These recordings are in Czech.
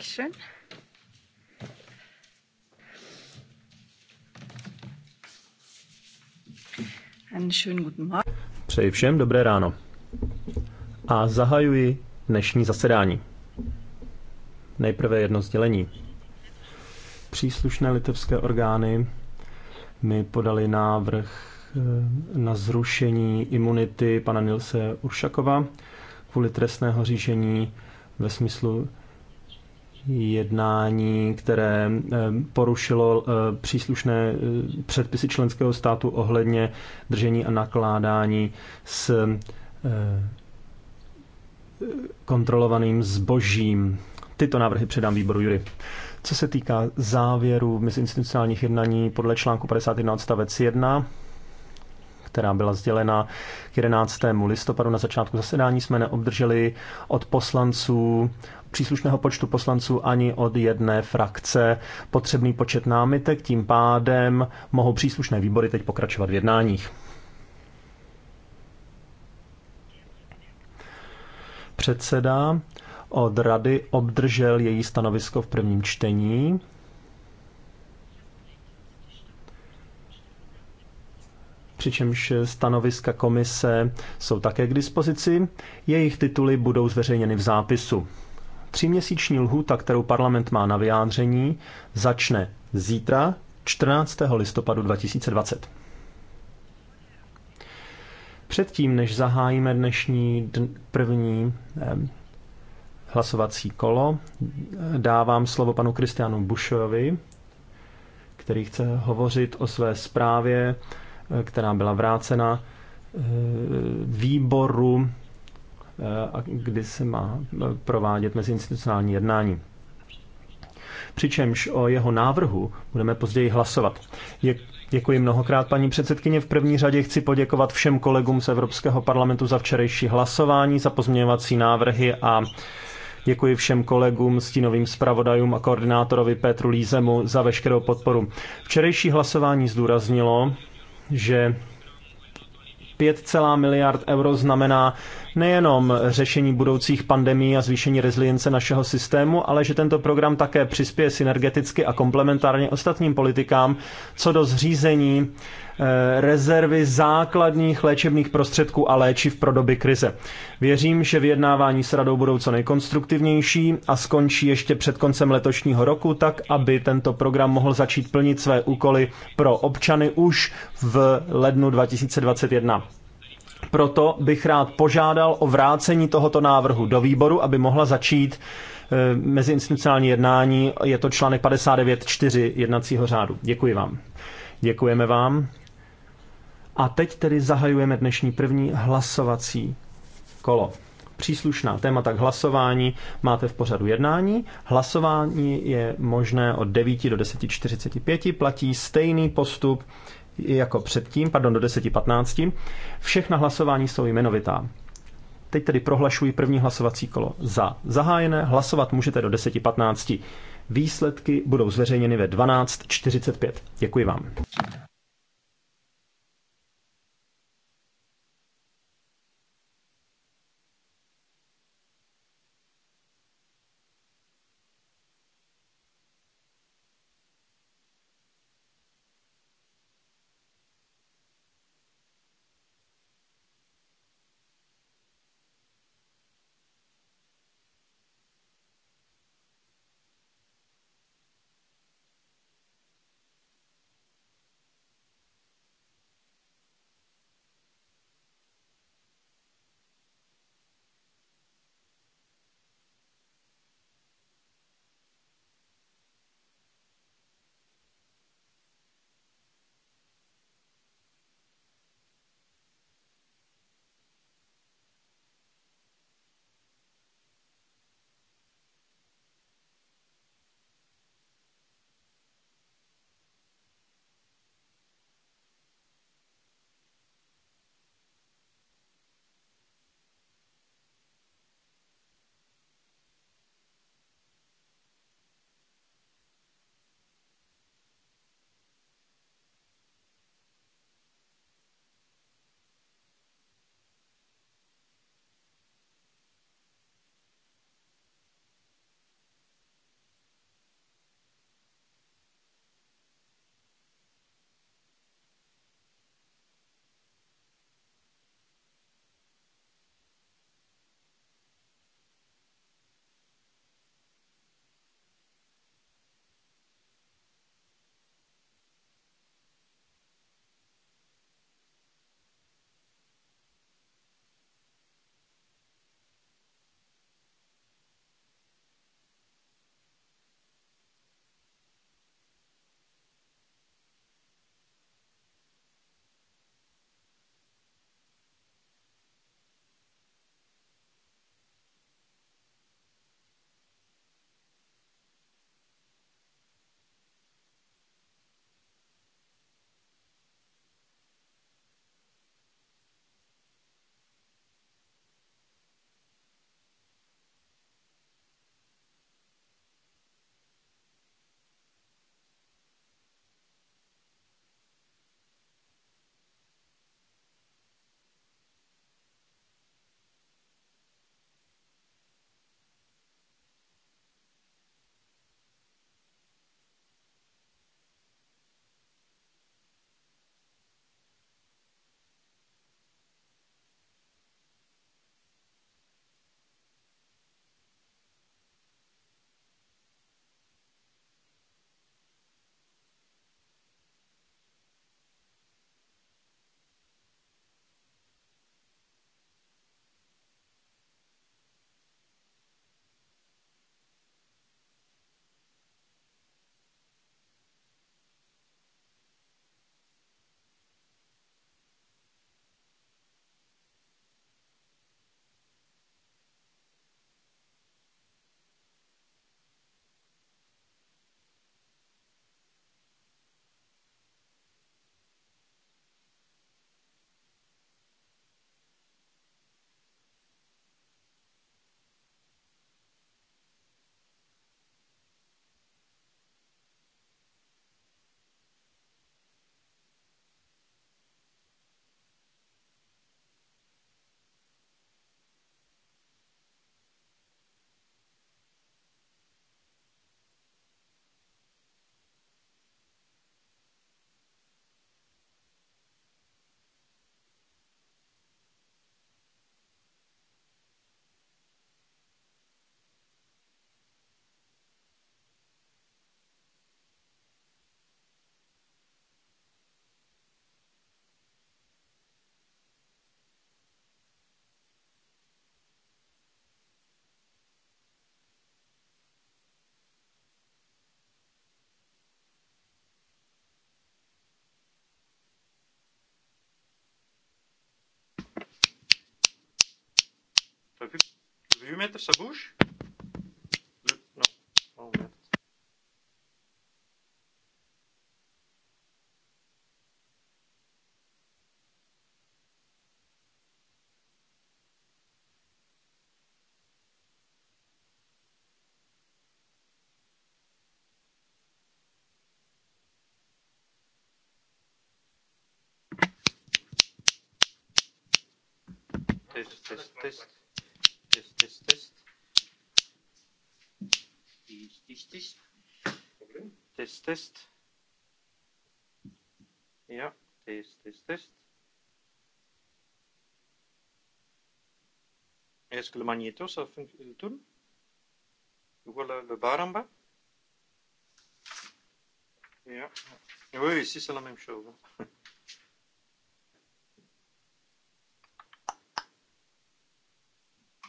action. Přeji všem dobré ráno. A zahajuji dnešní zasedání. Nejprve jedno sdělení. Příslušné litevské orgány mi podali návrh eh, na zrušení imunity pana Nilse Uršakova kvůli trestného řízení ve smyslu jednání, které eh, porušilo eh, příslušné eh, předpisy členského státu ohledně držení a nakládání s kontrolovaným zbožím. Tyto návrhy předám výboru Jury. Co se týká závěru mezinstitucionálních jednání podle článku 51 odstavec 1, která byla sdělena k 11. listopadu na začátku zasedání, jsme neobdrželi od poslanců příslušného počtu poslanců ani od jedné frakce potřebný počet námitek, tím pádem mohou příslušné výbory teď pokračovat v jednáních. Předseda od rady obdržel její stanovisko v prvním čtení. přičemž stanoviska komise jsou také k dispozici. Jejich tituly budou zveřejněny v zápisu. Tříměsíční lhůta, kterou parlament má na vyjádření, začne zítra 14. listopadu 2020. Předtím, než zahájíme dnešní první hlasovací kolo, dávám slovo panu Kristianu Bušovi, který chce hovořit o své zprávě, e, která byla vrácena e, výboru Eh, a kdy se má eh, provádět meziinstitucionální jednání. Přičemž o jeho návrhu budeme později hlasovat. Je Děkuji mnohokrát, paní předsedkyně. V první řadě chci poděkovat všem kolegům z Evropského parlamentu za včerejší hlasování, za pozměňovací návrhy a Děkuji všem kolegům, stínovým zpravodajům a koordinátorovi Petru Lízemu za veškerou podporu. Včerejší hlasování zdůraznilo, že 5, miliard euro znamená nejenom řešení budoucích pandemí a zvýšení rezilience našeho systému, ale že tento program také přispěje synergeticky a komplementárně ostatním politikám co do zřízení Eh, rezervy základních léčebných prostředků a léčiv pro doby krize. Věřím, že vyjednávání s radou budou co nejkonstruktivnější a skončí ještě před koncem letošního roku, tak aby tento program mohl začít plnit své úkoly pro občany už v lednu 2021. Proto bych rád požádal o vrácení tohoto návrhu do výboru, aby mohla začít eh, meziinstitucionální jednání. Je to článek 59.4 jednacího řádu. Děkuji vám. Děkujeme vám. A teď tedy zahajujeme dnešní první hlasovací kolo. Příslušná témata k hlasování máte v pořadu jednání. Hlasování je možné od 9 do 10.45, platí stejný postup jako předtím, pardon, do 10.15. Všechna hlasování jsou jmenovitá. Teď tedy prohlašuji první hlasovací kolo za zahájené. Hlasovat můžete do 10.15. Výsledky budou zveřejněny ve 12.45. Děkuji vám. vu, vu mettre sa bouche Le, Non. No, oh no, merde. No, test, test, test. Test, test, test. Tyš, tyš, tyš. Dobrý. Test, test. Jo, test, test, test. Jeg skulle manito, er så fungerer turen. Voilà le bar en bas. Ja. Oui, ici c'est la même chose.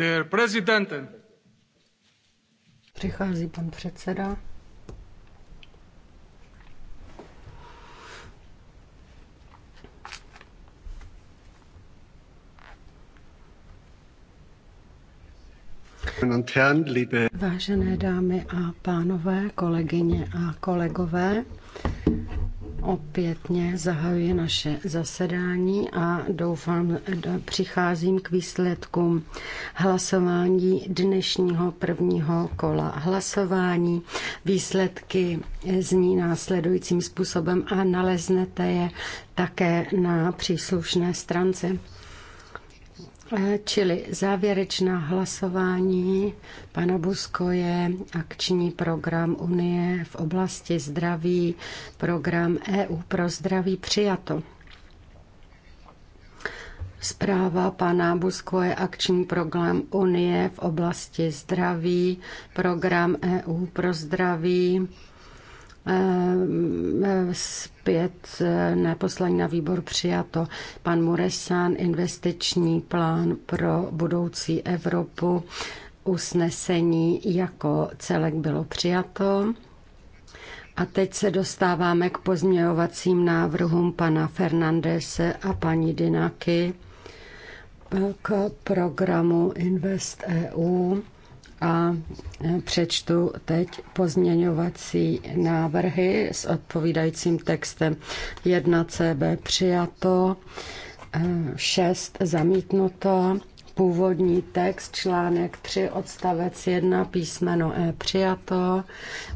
Der Präsidenten. Přichází pan předseda. Vážené dámy a pánové, kolegyně a kolegové, Opětně zahajuji naše zasedání a doufám, přicházím k výsledkům hlasování dnešního prvního kola hlasování. Výsledky zní následujícím způsobem a naleznete je také na příslušné stránce. Čili závěrečná hlasování pana Busko je akční program Unie v oblasti zdraví, program EU pro zdraví přijato. Zpráva pana Busko je akční program Unie v oblasti zdraví, program EU pro zdraví Ehm, ehm, zpět eh, neposlání na výbor přijato. Pan Muresan, investiční plán pro budoucí Evropu, usnesení jako celek bylo přijato. A teď se dostáváme k pozměňovacím návrhům pana Fernandese a paní Dinaky k programu Invest EU a e, přečtu teď pozměňovací návrhy s odpovídajícím textem 1CB přijato, 6 e, zamítnuto, původní text, článek 3, odstavec 1, písmeno E přijato,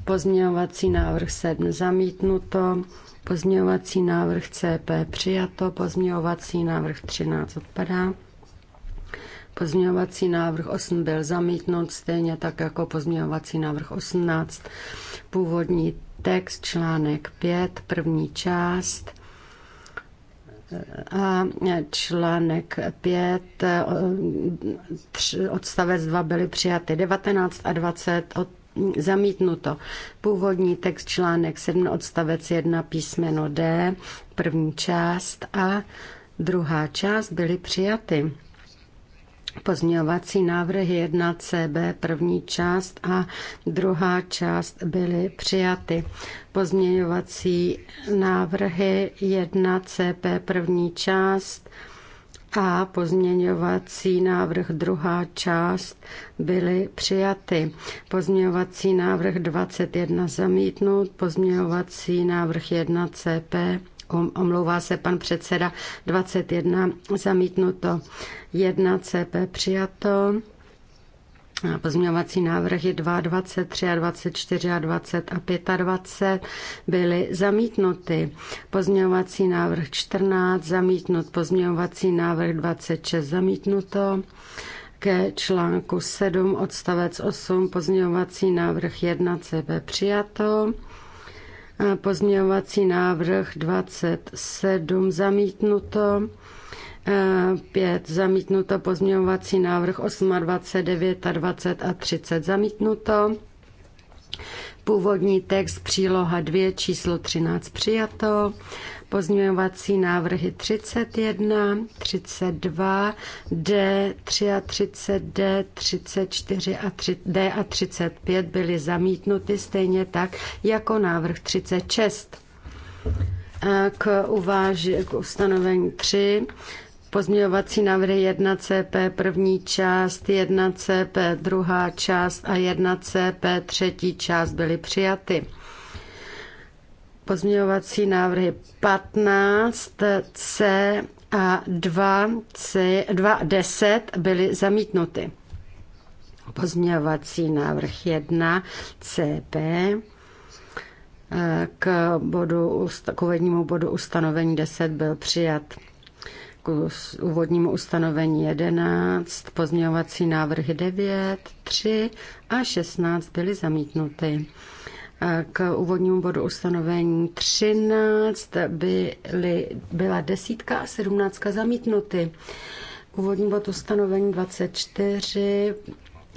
pozměňovací návrh 7 zamítnuto, pozměňovací návrh CP přijato, pozměňovací návrh 13 odpadá, Pozměňovací návrh 8 byl zamítnut, stejně tak jako pozměňovací návrh 18. Původní text, článek 5, první část a článek 5, odstavec 2 byly přijaty 19 a 20 od zamítnuto. Původní text článek 7 odstavec 1 písmeno D, první část a druhá část byly přijaty. Pozměňovací návrhy 1CB první část a druhá část byly přijaty. Pozměňovací návrhy 1CB první část a pozměňovací návrh druhá část byly přijaty. Pozměňovací návrh 21 zamítnut, pozměňovací návrh 1 CP Omlouvá se pan předseda 21, zamítnuto 1, CP přijato. a Pozměňovací návrhy 2, 23, a 24 a 20 a 25 byly zamítnuty. Pozměňovací návrh 14 zamítnut, pozměňovací návrh 26 zamítnuto ke článku 7 odstavec 8 pozměňovací návrh 1 CB přijato. Pozměňovací návrh 27 zamítnuto. 5 zamítnuto. Pozměňovací návrh 28, 29 a 20 a 30 zamítnuto. Původní text příloha 2 číslo 13 přijato. Pozměňovací návrhy 31, 32, D, 33, D, 34 a 3, D a 35 byly zamítnuty stejně tak jako návrh 36. K, uváži, k ustanovení 3 pozměňovací návrhy 1CP první část, 1CP druhá část a 1CP třetí část byly přijaty. Pozměňovací návrhy 15, C a 2, C, 2, 10 byly zamítnuty. Pozměňovací návrh 1, CP k, bodu, k uvednímu bodu ustanovení 10 byl přijat k úvodnímu ustanovení 11, pozměňovací návrhy 9, 3 a 16 byly zamítnuty. K úvodnímu bodu ustanovení 13 byly, byla desítka a sedmnáctka zamítnuty. Úvodní bod ustanovení 24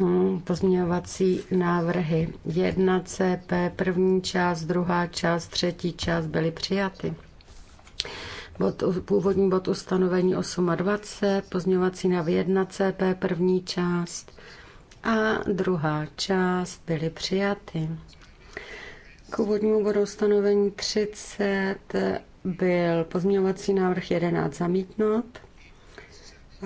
hm, pozměňovací návrhy 1 CP, první část, druhá část, třetí část byly přijaty. Bod, původní bod ustanovení 8 a 20, pozměňovací na 1 CP, první část a druhá část byly přijaty. K úvodnímu bodu stanovení 30 byl pozměňovací návrh 11 zamítnut.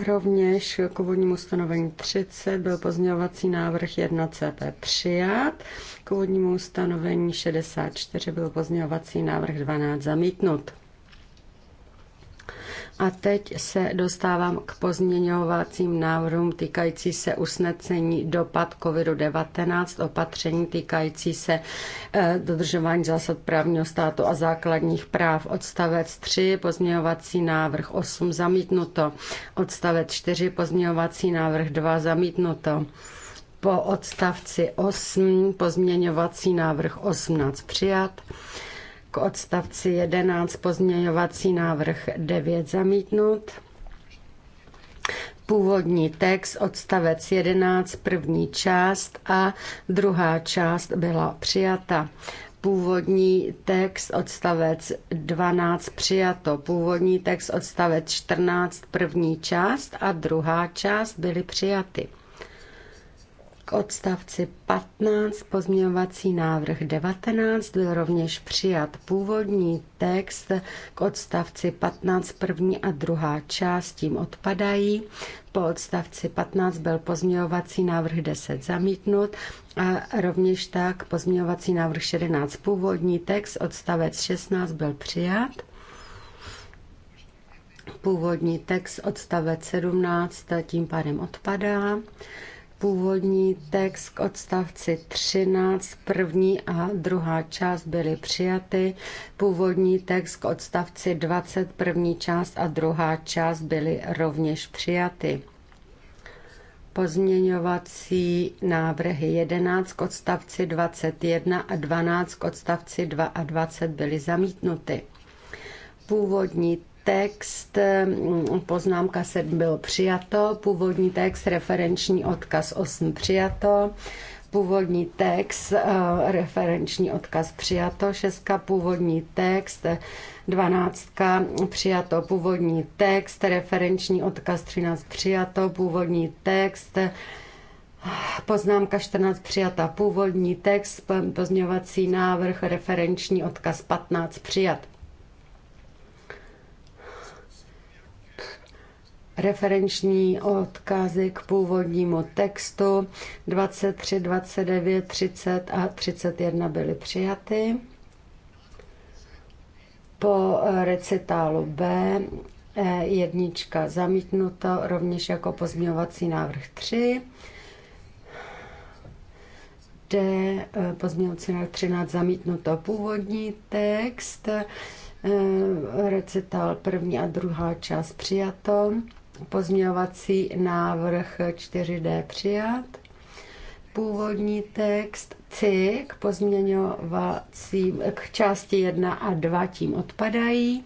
Rovněž k úvodnímu stanovení 30 byl pozměňovací návrh 1 CP přijat. K úvodnímu stanovení 64 byl pozměňovací návrh 12 zamítnut. A teď se dostávám k pozměňovacím návrhům týkající se usnesení dopad COVID-19, opatření týkající se eh, dodržování zásad právního státu a základních práv. Odstavec 3, pozměňovací návrh 8 zamítnuto. Odstavec 4, pozměňovací návrh 2 zamítnuto. Po odstavci 8 pozměňovací návrh 18 přijat. K odstavci 11 pozměňovací návrh 9 zamítnut. Původní text, odstavec 11, první část a druhá část byla přijata původní text odstavec 12 přijato, původní text odstavec 14 první část a druhá část byly přijaty odstavci 15 pozměňovací návrh 19 byl rovněž přijat původní text k odstavci 15 první a druhá část tím odpadají. Po odstavci 15 byl pozměňovací návrh 10 zamítnut a rovněž tak pozměňovací návrh 11 původní text odstavec 16 byl přijat. Původní text odstavec 17 tím pádem odpadá. Původní text k odstavci 13, první a druhá část byly přijaty. Původní text k odstavci 20, první část a druhá část byly rovněž přijaty. Pozměňovací návrhy 11 k odstavci 21 a 12 k odstavci 2 a 20 byly zamítnuty. Původní text, mm, poznámka 7 byl přijato, původní text, referenční odkaz 8 eh, přijato, původní text, referenční odkaz přijato, 6 původní text, 12 přijato, původní text, referenční odkaz 13 přijato, původní text, Poznámka 14 přijata původní text, pozměňovací návrh, referenční odkaz 15 přijat. referenční odkazy k původnímu textu. 23, 29, 30 a 31 byly přijaty. Po recitálu B e, jednička zamítnuto, rovněž jako pozměňovací návrh 3. D e, pozměňovací návrh 13 zamítnuto původní text, e, recital první a druhá část přijato. Pozměňovací návrh 4D přijat. Původní text C k k části 1 a 2 tím odpadají.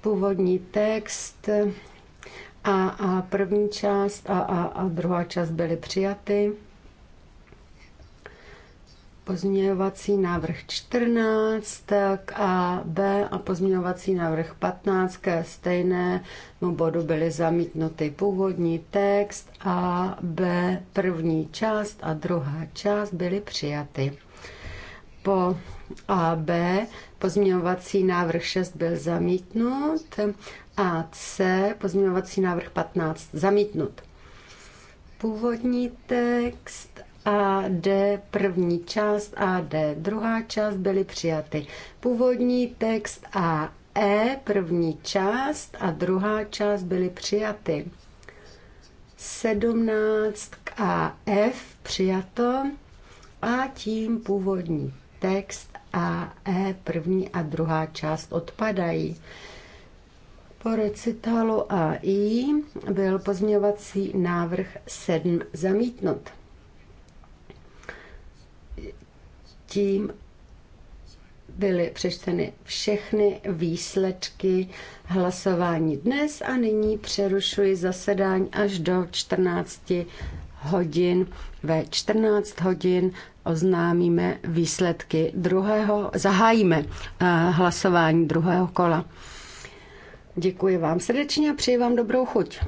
Původní text a, a první část a, a, a druhá část byly přijaty pozměňovací návrh 14 tak A, B a pozměňovací návrh 15 ke stejnému bodu byly zamítnuty původní text A, B, první část a druhá část byly přijaty. Po A, B pozměňovací návrh 6 byl zamítnut a C pozměňovací návrh 15 zamítnut. Původní text a D první část, a D druhá část byly přijaty. Původní text A E první část a druhá část byly přijaty. 17 k F přijato a tím původní text a E první a druhá část odpadají. Po recitálu AI byl pozměňovací návrh 7 zamítnut. Tím byly přečteny všechny výsledky hlasování dnes a nyní přerušuji zasedání až do 14 hodin. Ve 14 hodin oznámíme výsledky druhého, zahájíme eh, hlasování druhého kola. Děkuji vám srdečně a přeji vám dobrou chuť.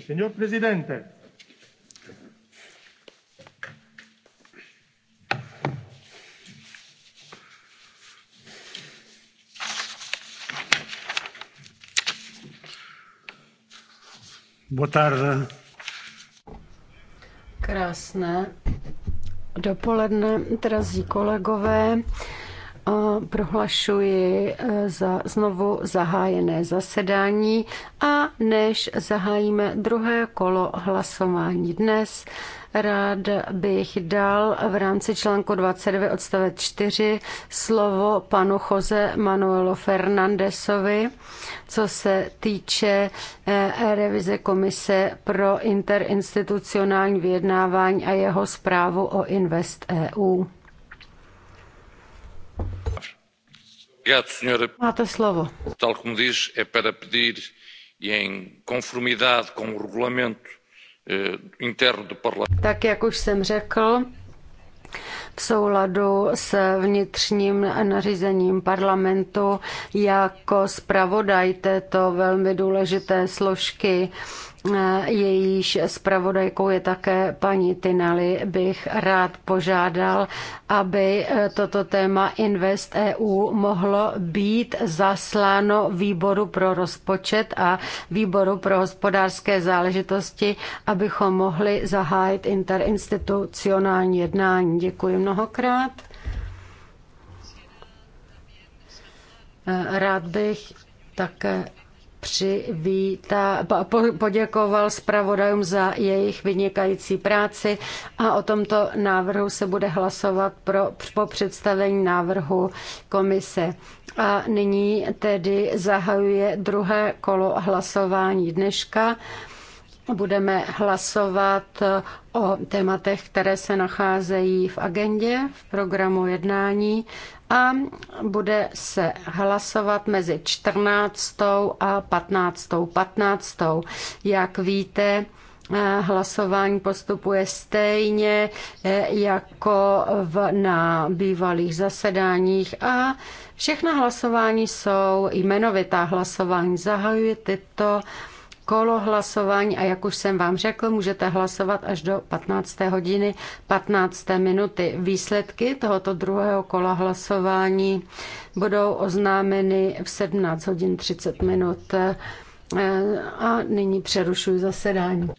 Signor Presidente, Boa Krásné dopoledne, drazí kolegové prohlašuji eh, za znovu zahájené zasedání a než zahájíme druhé kolo hlasování dnes, rád bych dal v rámci článku 29 odstavec 4 slovo panu Jose Manuelo Fernandesovi, co se týče eh, revize komise pro interinstitucionální vyjednávání a jeho zprávu o Invest EU. Máte slovo. Tal como diz, é para pedir e em conformidade com o regulamento eh, interno do parlamento. Tak jak už jsem řekl, v souladu s vnitřním nařízením parlamentu jako zpravodaj této velmi důležité složky jejíž zpravodajkou je také paní Tinali, bych rád požádal, aby e, toto téma Invest EU mohlo být zasláno výboru pro rozpočet a výboru pro hospodářské záležitosti, abychom mohli zahájit interinstitucionální jednání. Děkuji mnohokrát. E, rád bych také po, poděkoval zpravodajům za jejich vynikající práci a o tomto návrhu se bude hlasovat pro, po představení návrhu komise. A nyní tedy zahajuje druhé kolo hlasování dneška budeme hlasovat o tématech, které se nacházejí v agendě, v programu jednání a bude se hlasovat mezi 14. a 15. 15. Jak víte, hlasování postupuje stejně eh, jako v, na bývalých zasedáních a všechna hlasování jsou jmenovitá hlasování. Zahajuji tyto kolo hlasování a jak už jsem vám řekl, můžete hlasovat až do 15. hodiny 15. minuty. Výsledky tohoto druhého kola hlasování budou oznámeny v 17 hodin 30 minut. E, a nyní přerušuji zasedání.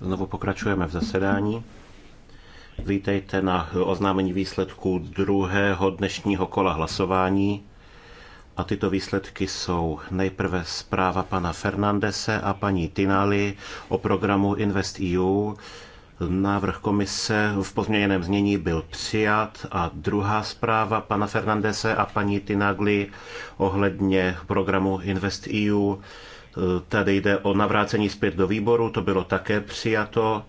Znovu pokračujeme v zasedání. Vítejte na oznámení výsledků druhého dnešního kola hlasování. A tyto výsledky jsou nejprve zpráva pana Fernandese a paní Tinali o programu InvestEU. EU Návrh komise v pozměněném znění byl přijat a druhá zpráva pana Fernandese a paní Tinagli ohledně programu InvestEU. E, tady jde o navrácení zpět do výboru, to bylo také přijato.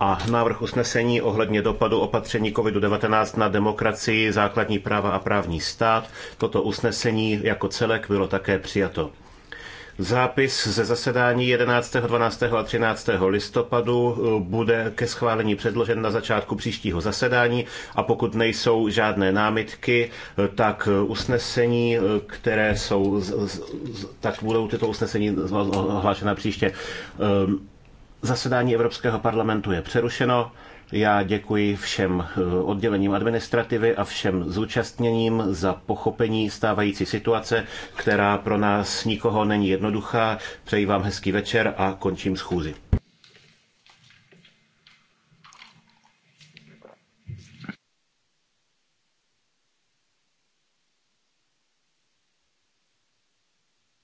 A návrh usnesení ohledně dopadu opatření COVID-19 na demokracii, základní práva a právní stát. Toto usnesení jako celek bylo také přijato. Zápis ze zasedání 11., 12. a 13. listopadu eh, bude ke schválení předložen na začátku příštího zasedání a pokud nejsou žádné námitky, eh, tak eh, usnesení, které jsou, tak budou tyto usnesení ohlášena příště. Ehm, zasedání Evropského parlamentu je přerušeno. Já děkuji všem eh, oddělením administrativy a všem zúčastněním za pochopení stávající situace, která pro nás nikoho není jednoduchá. Přeji vám hezký večer a končím schůzi.